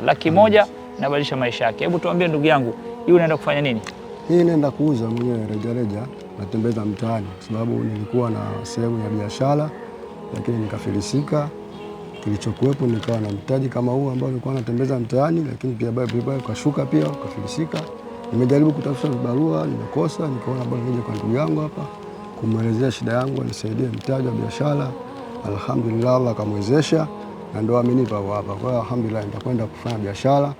laki mm. moja nabadilisha maisha yake. Hebu tuambie ndugu yangu, hii unaenda kufanya nini? Hii naenda kuuza mwenyewe rejareja, natembeza mtaani, kwa sababu nilikuwa na sehemu ya biashara lakini nikafilisika. Kilichokuwepo nikawa na mtaji kama huu ambao nilikuwa natembeza mtaani, lakini pia baadaye kashuka pia kafilisika. Nimejaribu kutafuta vibarua, nimekosa. Nikaona bwana, nije kwa ndugu yangu hapa kumwelezea shida yangu, anisaidie mtaji wa biashara. Alhamdulillah, Allah kamwezesha na ndio amenipa hapo hapa. Kwa hiyo alhamdulillah, nitakwenda kufanya biashara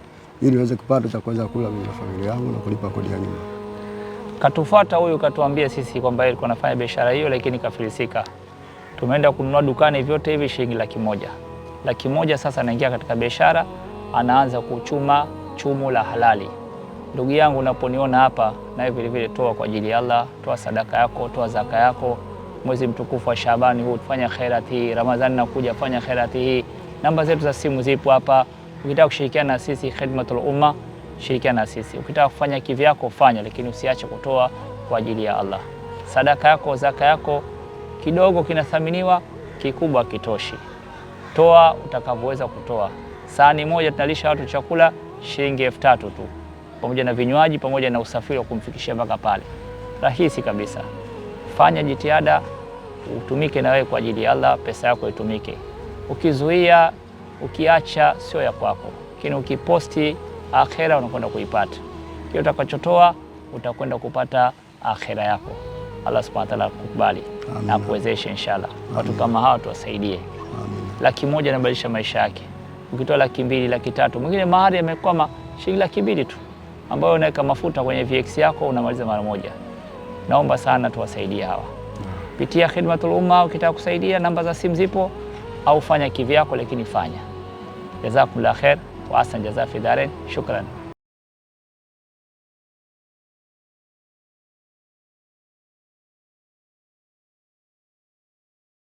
ili niweze kupata cha kuweza kula mimi na familia yangu na kulipa kodi ya nyumba. Katufuata huyu katuambia sisi kwamba alikuwa anafanya biashara hiyo, lakini kafilisika. Tumeenda kununua dukani, vyote hivi shilingi laki moja. Laki moja sasa anaingia katika biashara, anaanza kuchuma chumu la halali. Ndugu yangu, unaponiona hapa nawe vile, toa kwa ajili ya Allah, toa sadaka yako, toa zaka yako. Mwezi mtukufu wa Shabani huu tufanya khairati hii. Ramadhani nakuja, fanya khairati hii. Namba zetu za simu zipo hapa. Ukitaka kushirikiana na sisi Khidmatul Umma, shirikiana na sisi. Ukitaka kufanya kivyako fanya, lakini usiache kutoa kwa ajili ya Allah. Sadaka yako, zaka yako, kidogo kinathaminiwa, kikubwa kitoshi. Toa utakavyoweza kutoa. Sahani moja tunalisha watu chakula shilingi elfu tatu tu, pamoja na vinywaji, pamoja na usafiri wa kumfikishia mpaka pale. Rahisi kabisa. Fanya jitihada, utumike na wewe kwa ajili ya Allah, pesa yako itumike. Ukizuia, ukiacha sio ya kwako, lakini ukiposti akhera unakwenda kuipata. Kile utakachotoa utakwenda kupata akhera yako. Allah subhanahu wa ta'ala akukubali na kuwezesha inshallah. Watu kama hawa tuwasaidie. Laki moja inabadilisha maisha yake. Ukitoa laki mbili, laki tatu, mwingine mahari amekwama shilingi laki mbili tu, ambayo unaweka mafuta kwenye VX yako unamaliza mara moja. Naomba sana tuwasaidie hawa. Pitia Khidmatul Umma ukitaka kusaidia, namba za simu zipo au fanya kivyako, lakini fanya. Jazakumullah khair wa ahsan jazaa fi darain. Shukran.